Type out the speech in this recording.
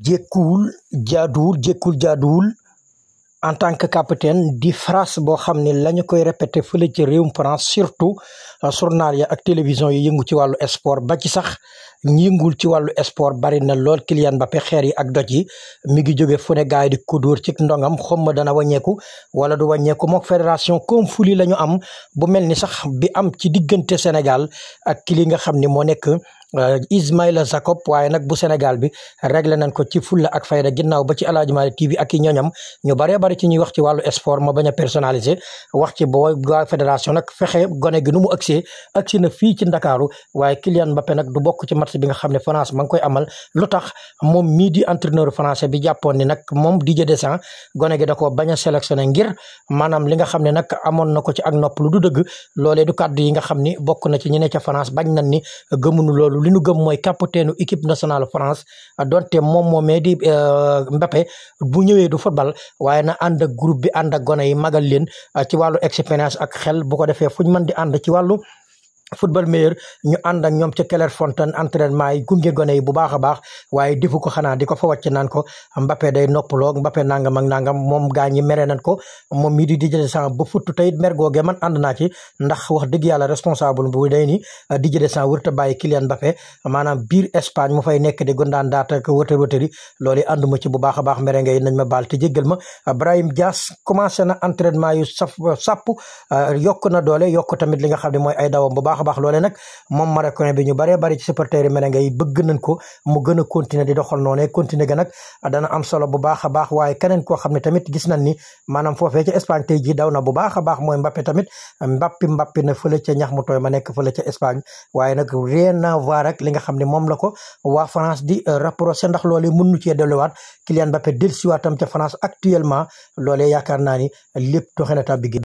jékkuwul jaaduwul jékkul jaaduwul en tant que capitaine di france boo xam ne la koy répété fële ci réewum France surtout journal ya ak télévision yi yëngu ci wàllu sport ba sax ñi yëngul ci wàllu sport bari na lool Kylian Mbappé xeer yi ak doj yi mi ngi jóge fu ne gars yi di ko dóor ci ndongam xom ma dana wàññeeku wala du wàññeeku mook fédération conflit la ñu am bu mel ni sax bi am ci diggante Sénégal ak ki li nga xam ni moo nekk Euh, Ismaila Jacob waaye nag bu Sénégal bi réglé nañ ko ci fulla ak fayda ginnaaw ba ci Aladji Malick TV ak i ñoñam ñu bëree bëri ci ñuy wax ci wàllu sport ma bañ a personnalisé wax ci boo waa fédération nag fexe gone gi nu mu agsee agsi na fii ci Ndakaaru waaye Kylian Mbappé nag du bokk ci match bi nga xam ne France ma ngi koy amal lu tax moom mii di entraîneur français bi jàppoon ni nag moom di Didier Deschamps gone gi da ko bañ a sélectionné ngir maanaam li nga xam ne nag amoon na ko ci ak nopp lu du dëgg loole du kàddu yi nga xam ni bokk na ci ñi ne ca France bañ nañ ni gëmunu loolu li ñu gëm mooy capitaine équipe nationale France donte moom moomee di euh, Mbappé bu ñëwee du football waaye na ànd ak groupe bi ànd ak gone yi magal leen euh, ci wàllu expérience ak xel bu ko defee fuñ mën di ànd ci wàllu football meilleur ñu ànd ak ñoom ca Clairefontaine entraînement yi gunge gone bu baax a baax waaye defu ko xanaa di ko fa wàcc naan ko Mbappé day noppaloo Mbappé nangam ak nangam moom gaa ñi mere nañ ko moom mii di Didier Deschamps ba futtu tayit mer man ànd naa ci ndax wax dëgg yàlla responsable bu day ni euh, Didier Deschamps wërta bàyyi Kylian Mbappé maanaam biir Espagne mu fay nekk di gondaan daata ko wëtër wëtëri loolu ànduma ci bu baax a baax mere ngay nañ ma baal te jéggal ma Brahim Diaz commencé na entraînement yu saf euh, sàpp euh, yokk na doole yokk tamit li nga xam ne mooy ay dawam bu baax baax a baax loole nag moom marocain bi ñu bëree bëri ci supporters yi merengue yi bëgg nañ ko mu gën a continuer di doxal noonu continuer ga nag dana am solo bu baax a baax waaye keneen koo xam ne tamit gis nañ ni maanaam foofee ca Espagne tey jii daw na bu baax a baax mooy Mbappé tamit Mbappé Mbappé na fële ñax mu tooy ma nekk fële Espagne waaye nag rien à voir xam ne moom la ko waa France di euh, rapproché ndax loolee mën nu cee delluwaat Kylian Mbappé